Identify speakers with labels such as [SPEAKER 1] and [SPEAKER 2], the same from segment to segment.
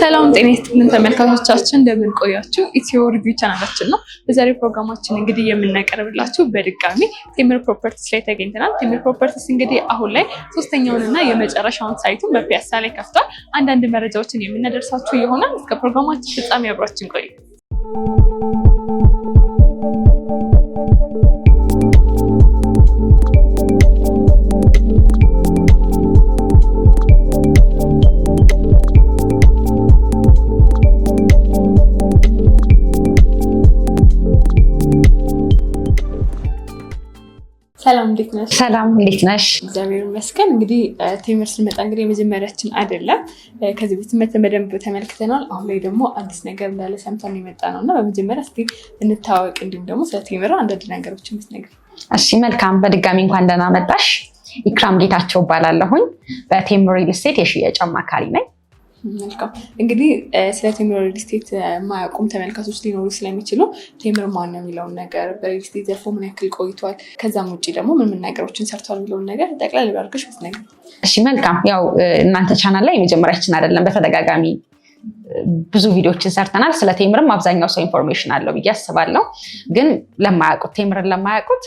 [SPEAKER 1] ሰላም ጤና ይስጥልን ተመልካቾቻችን፣ እንደምን ቆያችሁ? ኢትዮ ሪቪው ቻናላችን ነው። በዛሬው ፕሮግራማችን እንግዲህ የምናቀርብላችሁ በድጋሚ ቴምር ፕሮፐርቲስ ላይ ተገኝተናል። ቴምር ፕሮፐርቲስ እንግዲህ አሁን ላይ ሶስተኛውንና የመጨረሻውን ሳይቱን በፒያሳ ላይ ከፍቷል። አንዳንድ መረጃዎችን የምናደርሳችሁ ይሆናል። እስከ ፕሮግራማችን ፍጻሜ አብራችን ቆዩ። ሰላም እንዴት ነሽ? ሰላም
[SPEAKER 2] እንዴት ነሽ? እግዚአብሔር
[SPEAKER 1] ይመስገን። እንግዲህ ቴምር ስንመጣ እንግዲህ የመጀመሪያችን አይደለም። ከዚህ በፊት በደንብ ተመልክተናል። አሁን ላይ ደግሞ አዲስ ነገር እንዳለ ሰምተን የመጣ ነው እና በመጀመሪያ እስኪ እንታዋወቅ፣ እንዲሁም ደግሞ ስለ ቴምር አንዳንድ ነገሮችን ብትነግሪኝ።
[SPEAKER 2] እሺ መልካም። በድጋሚ እንኳን ደህና መጣሽ። ኢክራም ጌታቸው እባላለሁኝ። በቴምር ሪል ስቴት የሽያጭ አማካሪ ነኝ።
[SPEAKER 1] መልካም እንግዲህ ስለ ቴምር ሪል ስቴት የማያውቁም ሊኖሩ ስለሚችሉ ቴምር ማን ነው የሚለውን ነገር በሪል ስቴት ዘርፎ ምን ያክል ቆይቷል፣ ከዛም ውጭ ደግሞ ምን ምን ነገሮችን ሰርቷል የሚለውን ነገር ጠቅላይ ልባርገሽ ብትነግሪኝ።
[SPEAKER 2] እሺ መልካም። ያው እናንተ ቻናል ላይ የመጀመሪያችን አይደለም፣ በተደጋጋሚ ብዙ ቪዲዮችን ሰርተናል። ስለ ቴምርም አብዛኛው ሰው ኢንፎርሜሽን አለው ብዬ አስባለሁ። ግን ለማያውቁት ቴምርን ለማያውቁት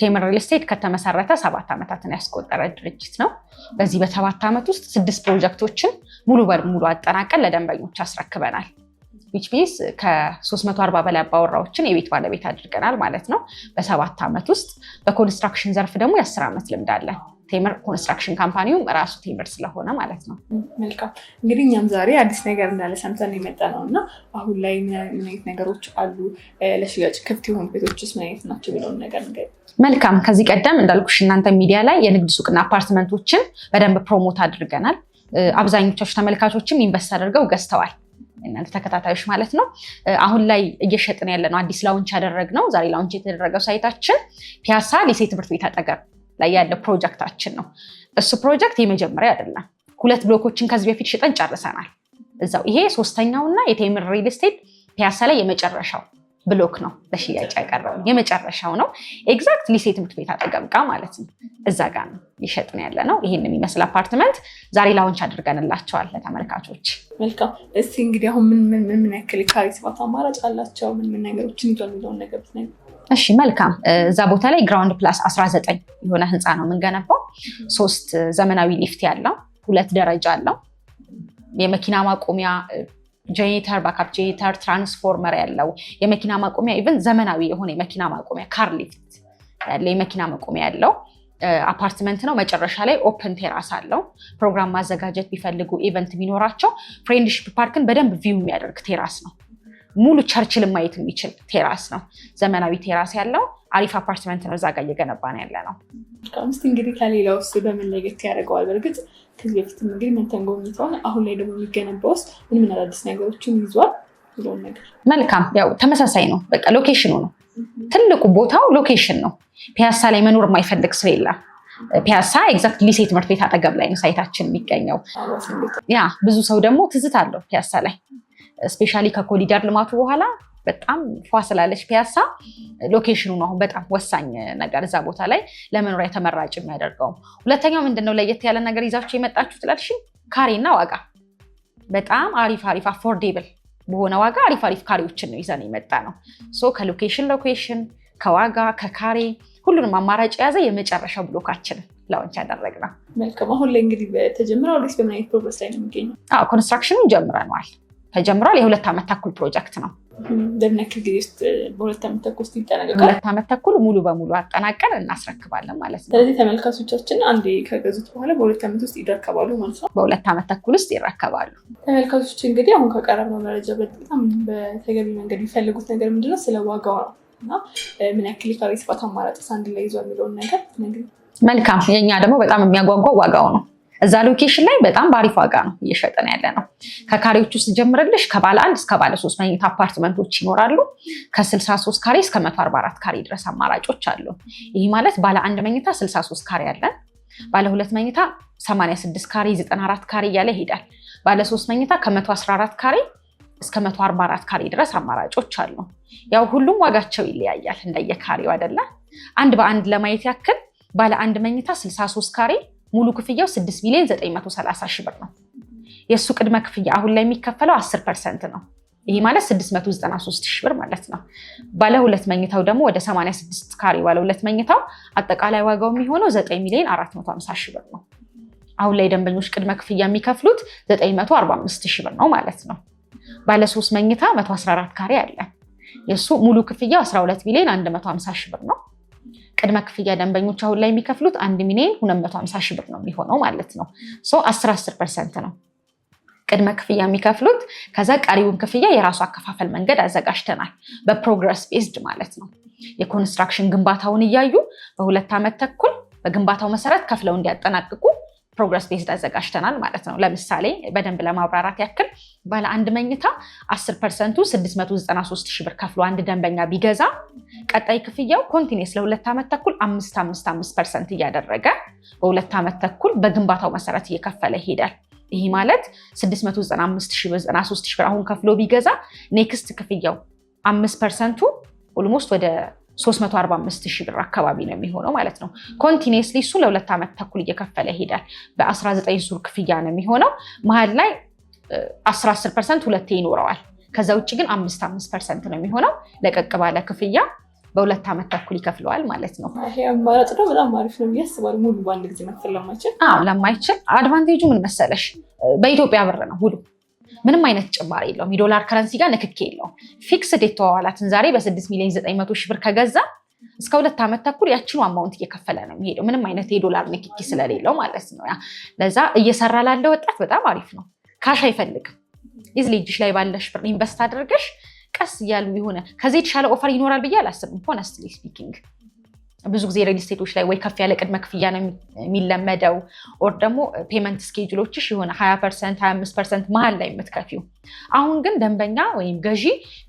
[SPEAKER 2] ቴምር ሪል ስቴት ከተመሰረተ ሰባት ዓመታትን ያስቆጠረ ድርጅት ነው። በዚህ በሰባት ዓመት ውስጥ ስድስት ፕሮጀክቶችን ሙሉ በሙሉ አጠናቀን ለደንበኞች አስረክበናል። ቢችቢስ ከ340 በላይ አባወራዎችን የቤት ባለቤት አድርገናል ማለት ነው በሰባት ዓመት ውስጥ። በኮንስትራክሽን ዘርፍ ደግሞ የአስር ዓመት ልምድ አለን። ቴምር ኮንስትራክሽን ካምፓኒውም ራሱ ቴምር ስለሆነ ማለት ነው። መልካም እንግዲህ
[SPEAKER 1] እኛም ዛሬ አዲስ ነገር እንዳለ ሰምተን የመጣ ነው እና አሁን ላይ ምን አይነት ነገሮች አሉ፣ ለሽያጭ ክፍት የሆኑ ቤቶችስ ምን አይነት ናቸው የሚለውን ነገር ንገ መልካም ከዚህ ቀደም
[SPEAKER 2] እንዳልኩሽ እናንተ ሚዲያ ላይ የንግድ ሱቅና አፓርትመንቶችን በደንብ ፕሮሞት አድርገናል። አብዛኞቻችሁ ተመልካቾችም ኢንቨስት አድርገው ገዝተዋል። ተከታታዮች ማለት ነው። አሁን ላይ እየሸጥን ያለ ነው። አዲስ ላውንች ያደረግነው ዛሬ ላውንች የተደረገው ሳይታችን ፒያሳ ሊሴ ትምህርት ቤት አጠገብ ላይ ያለ ፕሮጀክታችን ነው። እሱ ፕሮጀክት የመጀመሪያ አይደለም። ሁለት ብሎኮችን ከዚህ በፊት ሽጠን ጨርሰናል። እዛው ይሄ ሶስተኛውና የቴምር ሪል ስቴት ፒያሳ ላይ የመጨረሻው ብሎክ ነው ለሽያጭ ያቀረበው የመጨረሻው ነው። ኤግዛክት ሊሴ ትምህርት ቤት አጠገብ ጋ ማለት ነው። እዛ ጋ ነው ይሸጥን ያለ ነው። ይሄን የሚመስል አፓርትመንት ዛሬ ላውንች አድርገንላቸዋል ለተመልካቾች።
[SPEAKER 1] መልካም። እስቲ እንግዲህ አሁን ምን ምን ምን ያክል ካሬ ስፋት አማራጭ አላቸው? ምን ምን ነገሮችን ይዟል የሚለውን ነገር
[SPEAKER 2] ብትነግሪኝ። እሺ መልካም። እዛ ቦታ ላይ ግራውንድ ፕላስ 19 የሆነ ህንፃ ነው የምንገነባው። ሶስት ዘመናዊ ሊፍት ያለው ሁለት ደረጃ አለው የመኪና ማቆሚያ ጄኔተር ባካፕ ጄኔተር፣ ትራንስፎርመር ያለው የመኪና ማቆሚያ ኢቨን ዘመናዊ የሆነ የመኪና ማቆሚያ ካር ሊፍት ያለ የመኪና ማቆሚያ ያለው አፓርትመንት ነው። መጨረሻ ላይ ኦፕን ቴራስ አለው። ፕሮግራም ማዘጋጀት ቢፈልጉ ኢቨንት ቢኖራቸው ፍሬንድሽፕ ፓርክን በደንብ ቪው የሚያደርግ ቴራስ ነው። ሙሉ ቸርችልን ማየት የሚችል ቴራስ ነው። ዘመናዊ ቴራስ ያለው አሪፍ አፓርትመንት ነው እዛ ጋር እየገነባ ያለ
[SPEAKER 1] ነው። እስኪ እንግዲህ ከሌላ እሱ በምን ለየት ያደርገዋል? በእርግጥ ከዚህ በፊት እንግዲህ መተን ጎብኝተዋል። አሁን ላይ ደግሞ የሚገነባ ውስጥ ምን ምን አዳዲስ ነገሮችን ይዟል?
[SPEAKER 2] መልካም ያው ተመሳሳይ ነው። በቃ ሎኬሽኑ ነው ትልቁ ቦታው ሎኬሽን ነው። ፒያሳ ላይ መኖር የማይፈልግ ሰው የለም። ፒያሳ ኤግዛክት ሊሴ ትምህርት ቤት አጠገብ ላይ ነው ሳይታችን የሚገኘው። ያ ብዙ ሰው ደግሞ ትዝት አለው ፒያሳ ላይ ስፔሻሊ ከኮሊደር ልማቱ በኋላ በጣም ፏ ስላለች ፒያሳ ሎኬሽኑ ነው አሁን በጣም ወሳኝ ነገር እዛ ቦታ ላይ ለመኖሪያ ተመራጭ የሚያደርገው። ሁለተኛው ምንድነው ለየት ያለ ነገር ይዛችሁ የመጣችሁ ትላልሽ ካሬና ዋጋ በጣም አሪፍ አሪፍ አፎርዴብል በሆነ ዋጋ አሪፍ አሪፍ ካሬዎችን ነው ይዘን የመጣ ነው። ሶ ከሎኬሽን ሎኬሽን ከዋጋ ከካሬ ሁሉንም አማራጭ የያዘ የመጨረሻ ብሎካችንን ላውንች ነው። መልካም። አሁን
[SPEAKER 1] ላይ እንግዲህ ተጀምረ በምን አይነት ፕሮግረስ ላይ ነው የሚገኘው?
[SPEAKER 2] ኮንስትራክሽኑ ጀምረነዋል። ተጀምሯል። የሁለት ዓመት ተኩል ፕሮጀክት
[SPEAKER 1] ነው። በምን ጊዜ ውስጥ በሁለት ዓመት ተኩል ውስጥ
[SPEAKER 2] ይጠናቀቃል? ሁለት ዓመት ተኩል ሙሉ በሙሉ አጠናቀን እናስረክባለን
[SPEAKER 1] ማለት ነው። ስለዚህ ተመልካቾቻችን አንዴ ከገዙት በኋላ በሁለት ዓመት ውስጥ ይረከባሉ ማለት ነው። በሁለት ዓመት ተኩል ውስጥ ይረከባሉ። ተመልካቾች እንግዲህ አሁን ከቀረብነው መረጃ በጣም በተገቢ መንገድ የሚፈልጉት ነገር ምንድነው? ስለ ዋጋው ነው እና ምን ያክል የካሬ ስፋት አማራጭ አንድ ላይ ይዟል የሚለውን ነገር
[SPEAKER 2] መልካም። የእኛ ደግሞ በጣም የሚያጓጓው ዋጋው ነው እዛ ሎኬሽን ላይ በጣም በአሪፍ ዋጋ ነው እየሸጠን ያለ ነው። ከካሬዎቹ ስጀምርልሽ ከባለ አንድ እስከ ባለ ሶስት መኝታ አፓርትመንቶች ይኖራሉ። ከ63 ካሬ እስከ 144 ካሬ ድረስ አማራጮች አሉ። ይህ ማለት ባለ አንድ መኝታ 63 ካሬ አለን። ባለ ሁለት መኝታ 86 ካሬ፣ 94 ካሬ እያለ ይሄዳል። ባለ ሶስት መኝታ ከ114 ካሬ እስከ 144 ካሬ ድረስ አማራጮች አሉ። ያው ሁሉም ዋጋቸው ይለያያል እንደየካሬው አይደለ። አንድ በአንድ ለማየት ያክል ባለ አንድ መኝታ 63 ካሬ ሙሉ ክፍያው 6 ሚሊዮን 930 ሺህ ብር ነው። የእሱ ቅድመ ክፍያ አሁን ላይ የሚከፈለው 10 ፐርሰንት ነው። ይሄ ማለት 693 ሺህ ብር ማለት ነው። ባለ ሁለት መኝታው ደግሞ ወደ 86 ካሬ ባለ ሁለት መኝታው አጠቃላይ ዋጋው የሚሆነው 9 ሚሊዮን 450 ሺህ ብር ነው። አሁን ላይ ደንበኞች ቅድመ ክፍያ የሚከፍሉት 945 ሺህ ብር ነው ማለት ነው። ባለ ሶስት መኝታ 114 ካሬ አለ። የእሱ ሙሉ ክፍያው 12 ሚሊዮን 150 ሺህ ብር ነው። ቅድመ ክፍያ ደንበኞች አሁን ላይ የሚከፍሉት አንድ ሚሊዮን ሁለት 5 ሀምሳ ሺህ ብር ነው የሚሆነው ማለት ነው። አስር አስር ፐርሰንት ነው ቅድመ ክፍያ የሚከፍሉት። ከዛ ቀሪውን ክፍያ የራሱ አከፋፈል መንገድ አዘጋጅተናል። በፕሮግረስ ቤዝድ ማለት ነው። የኮንስትራክሽን ግንባታውን እያዩ በሁለት ዓመት ተኩል በግንባታው መሰረት ከፍለው እንዲያጠናቅቁ ፕሮግረስ ቤዝድ አዘጋጅተናል ማለት ነው። ለምሳሌ በደንብ ለማብራራት ያክል ባለ አንድ መኝታ 10 ፐርሰንቱ 693 ሺህ ብር ከፍሎ አንድ ደንበኛ ቢገዛ ቀጣይ ክፍያው ኮንቲኒስ ለሁለት ዓመት ተኩል አምስት አምስት አምስት ፐርሰንት እያደረገ በሁለት ዓመት ተኩል በግንባታው መሰረት እየከፈለ ይሄዳል። ይህ ማለት 695 ብር አሁን ከፍሎ ቢገዛ ኔክስት ክፍያው አምስት ፐርሰንቱ ኦልሞስት ወደ 345 ብር አካባቢ ነው የሚሆነው ማለት ነው። ኮንቲኔስሊ እሱ ለሁለት ዓመት ተኩል እየከፈለ ይሄዳል። በ19 ዙር ክፍያ ነው የሚሆነው። መሀል ላይ 10 ፐርሰንት ሁለቴ ይኖረዋል። ከዛ ውጭ ግን አምስት አምስት ፐርሰንት ነው የሚሆነው ለቀቅ ባለ ክፍያ በሁለት ዓመት ተኩል ይከፍለዋል ማለት ነው። አማራጭ ነው። በጣም
[SPEAKER 1] አሪፍ ነው ብዬ ሙሉ በአንድ ጊዜ መክፈል ለማይችል ለማይችል
[SPEAKER 2] አድቫንቴጁ ምን መሰለሽ፣ በኢትዮጵያ ብር ነው ሁሉ ምንም አይነት ጭማሪ የለውም። የዶላር ከረንሲ ጋር ንክኬ የለውም። ፊክስድ የተዋዋላትን ዛሬ በ6 ሚሊዮን 900 ሺህ ብር ከገዛ እስከ ሁለት ዓመት ተኩል ያችኑ አማውንት እየከፈለ ነው የሚሄደው ምንም አይነት የዶላር ንክኪ ስለሌለው ማለት ነው። ለዛ እየሰራ ላለ ወጣት በጣም አሪፍ ነው። ካሽ አይፈልግም። ይዝ ልጅሽ ላይ ባለሽ ብር ኢንቨስት አድርገሽ ቀስ እያሉ የሆነ ከዚህ የተሻለ ኦፈር ይኖራል ብዬ አላስብም። ሆነስትሊ ስፒኪንግ ብዙ ጊዜ ሪል ስቴቶች ላይ ወይ ከፍ ያለ ቅድመ ክፍያ ነው የሚለመደው፣ ኦር ደግሞ ፔመንት ስኬጁሎችሽ የሆነ ሀያ ፐርሰንት ሀያ ፐርሰንት መሀል ላይ የምትከፊው። አሁን ግን ደንበኛ ወይም ገዢ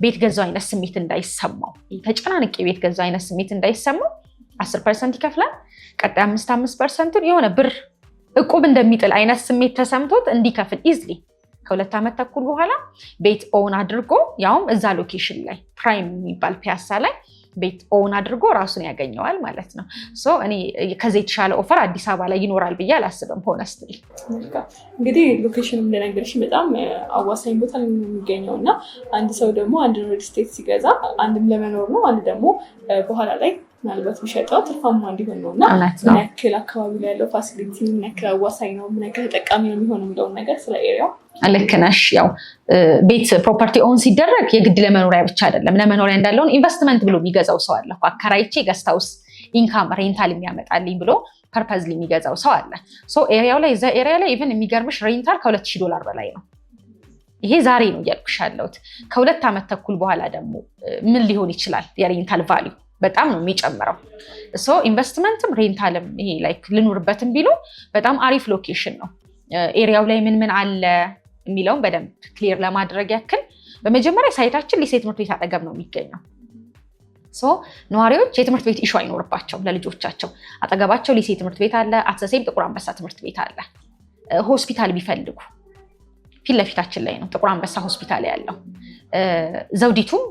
[SPEAKER 2] ቤት ገዛው አይነት ስሜት እንዳይሰማው ተጨናንቄ ቤት ገዛው አይነት ስሜት እንዳይሰማው አስር ፐርሰንት ይከፍላል። ቀጣይ አምስት አምስት ፐርሰንቱን የሆነ ብር እቁብ እንደሚጥል አይነት ስሜት ተሰምቶት እንዲከፍል ኢዝሊ ከሁለት ዓመት ተኩል በኋላ ቤት ኦን አድርጎ ያውም እዛ ሎኬሽን ላይ ፕራይም የሚባል ፒያሳ ላይ ቤት ኦን አድርጎ ራሱን ያገኘዋል ማለት ነው። እኔ ከዚህ የተሻለ ኦፈር አዲስ አበባ ላይ ይኖራል ብዬ አላስብም። ሆነ
[SPEAKER 1] ስትል እንግዲህ ሎኬሽን እንደነገርሽ በጣም አዋሳኝ ቦታ የሚገኘው እና አንድ ሰው ደግሞ አንድ ሪል ስቴት ሲገዛ አንድም ለመኖር ነው፣ አንድ ደግሞ በኋላ ላይ ምናልባት ቢሸጠው ትርፋማ እንዲሆን ነው እና ምን ያክል አካባቢ ላይ ያለው ፋሲሊቲ ምን ያክል አዋሳኝ ነው፣ ምን ያክል ተጠቃሚ ነው የሚሆነው የሚለውን ነገር ስለ ኤሪያው ልክ
[SPEAKER 2] ነሽ። ያው ቤት ፕሮፐርቲ ኦን ሲደረግ የግድ ለመኖሪያ ብቻ አይደለም። ለመኖሪያ እንዳለውን ኢንቨስትመንት ብሎ የሚገዛው ሰው አለ። አከራይቼ ገስት ሃውስ ኢንካም ሬንታል የሚያመጣልኝ ብሎ ፐርፐዝ የሚገዛው ሰው አለ። ሶ ኤሪያው ላይ እዛ ኤሪያ ላይ ኢቨን የሚገርምሽ ሬንታል ከሁለት ሺህ ዶላር በላይ ነው። ይሄ ዛሬ ነው እያልኩሽ ያለሁት። ከሁለት ዓመት ተኩል በኋላ ደግሞ ምን ሊሆን ይችላል የሬንታል ቫሊዩ በጣም ነው የሚጨምረው። ኢንቨስትመንትም ሬንታልም ይሄ ላይክ ልኑርበትም ቢሉ በጣም አሪፍ ሎኬሽን ነው። ኤሪያው ላይ ምን ምን አለ የሚለውን በደንብ ክሊር ለማድረግ ያክል በመጀመሪያ ሳይታችን ሊሴ ትምህርት ቤት አጠገብ ነው የሚገኘው። ነዋሪዎች የትምህርት ቤት ኢሹ አይኖርባቸው ለልጆቻቸው አጠገባቸው ሊሴ ትምህርት ቤት አለ። አትሰሴም ጥቁር አንበሳ ትምህርት ቤት አለ። ሆስፒታል ቢፈልጉ ፊት ለፊታችን ላይ ነው ጥቁር አንበሳ ሆስፒታል ያለው። ዘውዲቱም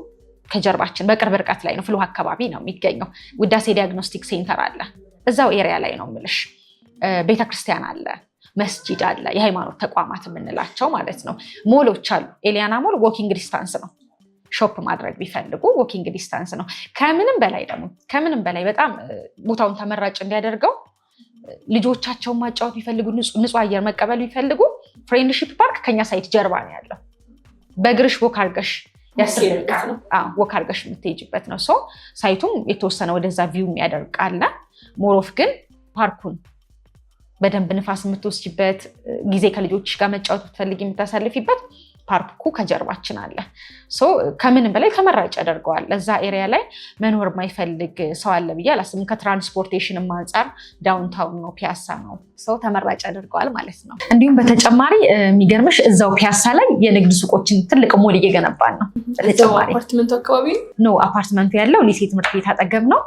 [SPEAKER 2] ከጀርባችን በቅርብ ርቀት ላይ ነው፣ ፍሉህ አካባቢ ነው የሚገኘው። ውዳሴ ዲያግኖስቲክ ሴንተር አለ፣ እዛው ኤሪያ ላይ ነው ምልሽ። ቤተክርስቲያን አለ፣ መስጂድ አለ፣ የሃይማኖት ተቋማት የምንላቸው ማለት ነው። ሞሎች አሉ። ኤሊያና ሞል ዎኪንግ ዲስታንስ ነው። ሾፕ ማድረግ ቢፈልጉ ዎኪንግ ዲስታንስ ነው። ከምንም በላይ ደግሞ ከምንም በላይ በጣም ቦታውን ተመራጭ እንዲያደርገው ልጆቻቸውን ማጫወት ቢፈልጉ ንጹህ አየር መቀበል ቢፈልጉ ፍሬንድሺፕ ፓርክ ከኛ ሳይት ጀርባ ነው ያለው። በእግርሽ ቦክ አድርገሽ ያስደርቃል። ወክ አድርገሽ የምትሄጂበት ነው። ሰው ሳይቱም የተወሰነ ወደዛ ቪው የሚያደርግ አለ። ሞሮፍ ግን ፓርኩን በደንብ ንፋስ የምትወስጅበት ጊዜ ከልጆች ጋር መጫወት ብትፈልግ የምታሳልፊበት ፓርኩ ከጀርባችን አለ። ከምንም በላይ ተመራጭ ያደርገዋል። እዛ ኤሪያ ላይ መኖር የማይፈልግ ሰው አለ ብዬ አላስብም። ከትራንስፖርቴሽን አንጻር ዳውንታውን ነው ፒያሳ ነው ሰው ተመራጭ ያደርገዋል
[SPEAKER 1] ማለት ነው። እንዲሁም በተጨማሪ የሚገርምሽ እዛው ፒያሳ ላይ የንግድ ሱቆችን ትልቅ ሞል እየገነባን ነው። በተጨማሪ አፓርትመንቱ አካባቢ ነው አፓርትመንቱ ያለው ሊሴ ትምህርት ቤት አጠገብ ነው።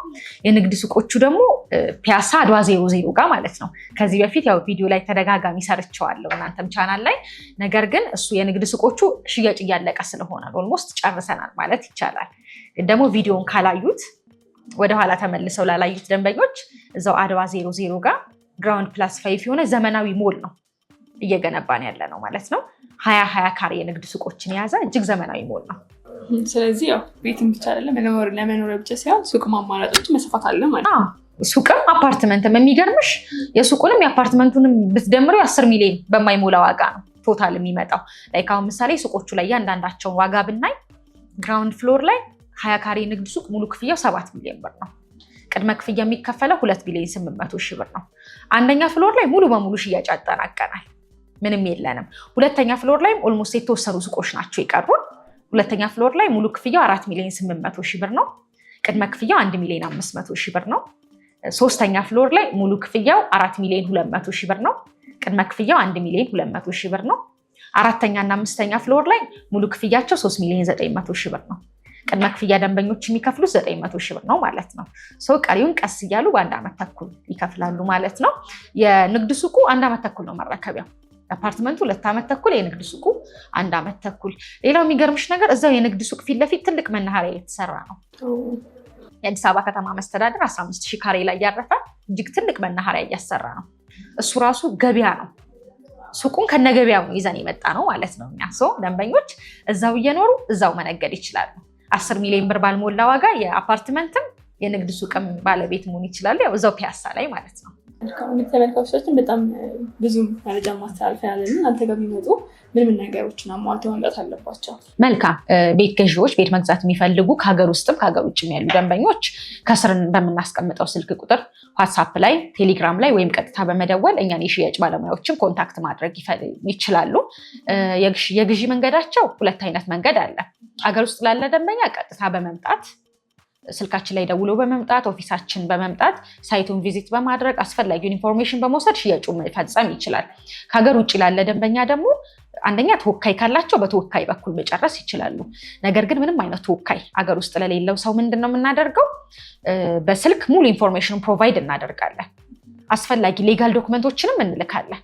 [SPEAKER 1] የንግድ ሱቆቹ ደግሞ ፒያሳ አድዋ ዜሮ ዜሮ ጋር ማለት ነው። ከዚህ በፊት ያው ቪዲዮ ላይ ተደጋጋሚ ሰርቸዋለሁ እናንተም ቻናል ላይ ነገር ግን እሱ የንግድ ሱቆቹ ሽያጭ እያለቀ ስለሆነ ነው ኦልሞስት ጨርሰናል ማለት ይቻላል። ግን ደግሞ ቪዲዮን ካላዩት ወደኋላ ተመልሰው ላላዩት ደንበኞች እዛው አድዋ ዜሮ ዜሮ ጋር ግራውንድ ፕላስ ፋይፍ የሆነ ዘመናዊ ሞል ነው እየገነባን ያለ ነው ማለት ነው። ሀያ ሀያ ካሬ የንግድ ሱቆችን የያዘ እጅግ ዘመናዊ ሞል ነው። ስለዚህ ያው ቤትን ብቻ አይደለም ለመኖሪያ ብቻ ሳይሆን ሱቅ አማራጮች መስፋት አለ ማለት ነው። ሱቅም አፓርትመንትም የሚገርምሽ የሱቁንም የአፓርትመንቱንም ብትደምረው አስር ሚሊዮን በማይሞላ ዋጋ ነው ቶታል የሚመጣው ላይክ አሁን ምሳሌ ሱቆቹ ላይ እያንዳንዳቸውን ዋጋ ብናይ ግራውንድ ፍሎር ላይ ሀያ ካሬ ንግድ ሱቅ ሙሉ ክፍያው ሰባት ሚሊዮን ብር ነው። ቅድመ ክፍያ የሚከፈለው ሁለት ቢሊዮን ስምንት መቶ ሺህ ብር ነው። አንደኛ ፍሎር ላይ ሙሉ በሙሉ ሽያጭ አጠናቀናል። ምንም የለንም። ሁለተኛ ፍሎር ላይም ኦልሞስት የተወሰኑ ሱቆች ናቸው የቀሩን። ሁለተኛ ፍሎር ላይ ሙሉ ክፍያው አራት ሚሊዮን ስምንት መቶ ሺህ ብር ነው። ቅድመ ክፍያው አንድ ሚሊዮን አምስት መቶ ሺህ ብር ነው። ሶስተኛ ፍሎር ላይ ሙሉ ክፍያው አራት ሚሊዮን ሁለት መቶ ሺህ ብር ነው። ቅድመ ክፍያው አንድ ሚሊዮን 200 ሺህ ብር ነው። አራተኛ እና አምስተኛ ፍሎር ላይ ሙሉ ክፍያቸው ሶስት ሚሊዮን 900 መቶ ሺህ ብር ነው። ቅድመ ክፍያ ደንበኞች የሚከፍሉት 900 መቶ ሺህ ብር ነው ማለት ነው። ሰው ቀሪውን ቀስ እያሉ በአንድ ዓመት ተኩል ይከፍላሉ ማለት ነው። የንግድ ሱቁ አንድ ዓመት ተኩል ነው መረከቢያው። አፓርትመንቱ ሁለት ዓመት ተኩል፣ የንግድ ሱቁ አንድ ዓመት ተኩል። ሌላው የሚገርምሽ ነገር እዛው የንግድ ሱቅ ፊት ለፊት ትልቅ መናኸሪያ የተሰራ ነው። የአዲስ አበባ ከተማ መስተዳደር 15 ሺህ ካሬ ላይ ያረፈ እጅግ ትልቅ መናኸሪያ እያሰራ ነው። እሱ ራሱ ገበያ ነው። ሱቁን ከነገበያው ይዘን የመጣ ነው ማለት ነው። እኛ ሰው ደንበኞች እዛው እየኖሩ እዛው መነገድ ይችላሉ። አስር ሚሊዮን ብር ባልሞላ ዋጋ የአፓርትመንትም የንግድ ሱቅም ባለቤት መሆን ይችላሉ። ያው እዛው ፒያሳ ላይ ማለት ነው። ተመልካቾቻችን በጣም ብዙ መረጃ ማስተላልፈናል እና አንተ ጋር ቢመጡ ምን ምን ነገሮችን አሟልተው መምጣት አለባቸው? መልካም ቤት ገዢዎች ቤት መግዛት የሚፈልጉ ከሀገር ውስጥም ከሀገር ውጭም ያሉ ደንበኞች ከስርን በምናስቀምጠው ስልክ ቁጥር ዋትሳፕ ላይ፣ ቴሌግራም ላይ ወይም ቀጥታ በመደወል እኛን የሽያጭ ባለሙያዎችን ኮንታክት ማድረግ ይችላሉ። የግዢ መንገዳቸው ሁለት አይነት መንገድ አለ። ሀገር ውስጥ ላለ ደንበኛ ቀጥታ በመምጣት ስልካችን ላይ ደውሎ በመምጣት ኦፊሳችን በመምጣት ሳይቱን ቪዚት በማድረግ አስፈላጊውን ኢንፎርሜሽን በመውሰድ ሽያጩ መፈጸም ይችላል። ከሀገር ውጭ ላለ ደንበኛ ደግሞ አንደኛ ተወካይ ካላቸው በተወካይ በኩል መጨረስ ይችላሉ። ነገር ግን ምንም አይነት ተወካይ አገር ውስጥ ለሌለው ሰው ምንድን ነው የምናደርገው? በስልክ ሙሉ ኢንፎርሜሽኑን ፕሮቫይድ እናደርጋለን። አስፈላጊ ሌጋል ዶክመንቶችንም እንልካለን።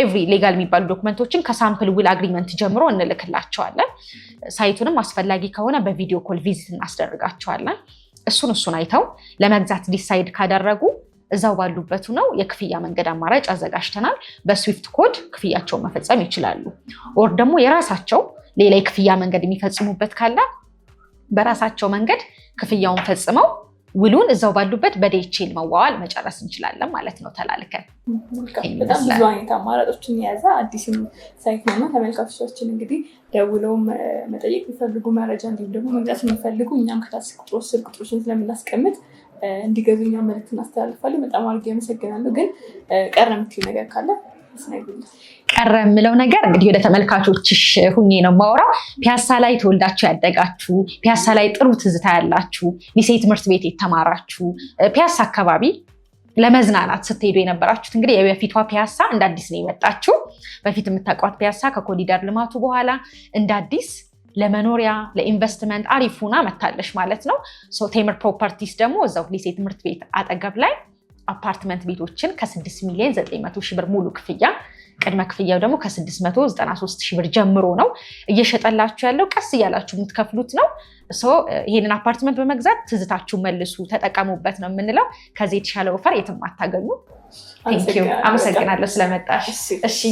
[SPEAKER 1] ኤቭሪ ሌጋል የሚባሉ ዶክመንቶችን ከሳምፕል ውል አግሪመንት ጀምሮ እንልክላቸዋለን። ሳይቱንም አስፈላጊ ከሆነ በቪዲዮ ኮል ቪዚት እናስደርጋቸዋለን። እሱን እሱን አይተው ለመግዛት ዲሳይድ ካደረጉ እዛው ባሉበት ነው የክፍያ መንገድ አማራጭ አዘጋጅተናል። በስዊፍት ኮድ ክፍያቸውን መፈጸም ይችላሉ። ኦር ደግሞ የራሳቸው ሌላ የክፍያ መንገድ የሚፈጽሙበት ካለ በራሳቸው መንገድ ክፍያውን ፈጽመው ውሉን እዛው ባሉበት በዴችል መዋዋል መጨረስ እንችላለን ማለት ነው። ተላልከን በጣም ብዙ አይነት አማራጮችን የያዘ አዲስ ሳይት ነው። ተመልካቾቻችን እንግዲህ ደውለው መጠየቅ የሚፈልጉ መረጃ እንዲሁም ደግሞ መምጣት የሚፈልጉ እኛም ከታስ ቁጥሮ ስር ቁጥሮችን ስለምናስቀምጥ እንዲገዙ እኛ መልዕክት እናስተላልፋለን። በጣም አድርጌ አመሰግናለሁ። ግን ቀረ የምትይው ነገር ካለ ቀረ የምለው ነገር እንግዲህ ወደ ተመልካቾችሽ ሁኜ ነው የማወራው። ፒያሳ ላይ ተወልዳችሁ ያደጋችሁ፣ ፒያሳ ላይ ጥሩ ትዝታ ያላችሁ፣ ሊሴ ትምህርት ቤት የተማራችሁ፣ ፒያሳ አካባቢ ለመዝናናት ስትሄዱ የነበራችሁት እንግዲህ የበፊቷ ፒያሳ እንደ አዲስ ነው የመጣችሁ። በፊት የምታውቋት ፒያሳ ከኮሊደር ልማቱ በኋላ እንደ አዲስ ለመኖሪያ ለኢንቨስትመንት አሪፍ ሆና መታለች ማለት ነው። ቴምር ፕሮፐርቲስ ደግሞ እዛው ሊሴ ትምህርት ቤት አጠገብ ላይ አፓርትመንት ቤቶችን ከ6 ሚሊዮን 900 ሺህ ብር ሙሉ ክፍያ ቅድመ ክፍያው ደግሞ ከ693 ሺህ ብር ጀምሮ ነው እየሸጠላችሁ ያለው። ቀስ እያላችሁ የምትከፍሉት ነው። ይህንን አፓርትመንት በመግዛት ትዝታችሁ መልሱ፣ ተጠቀሙበት ነው የምንለው። ከዚህ የተሻለ ወፈር የትም አታገኙ። አመሰግናለሁ ስለመጣሽ።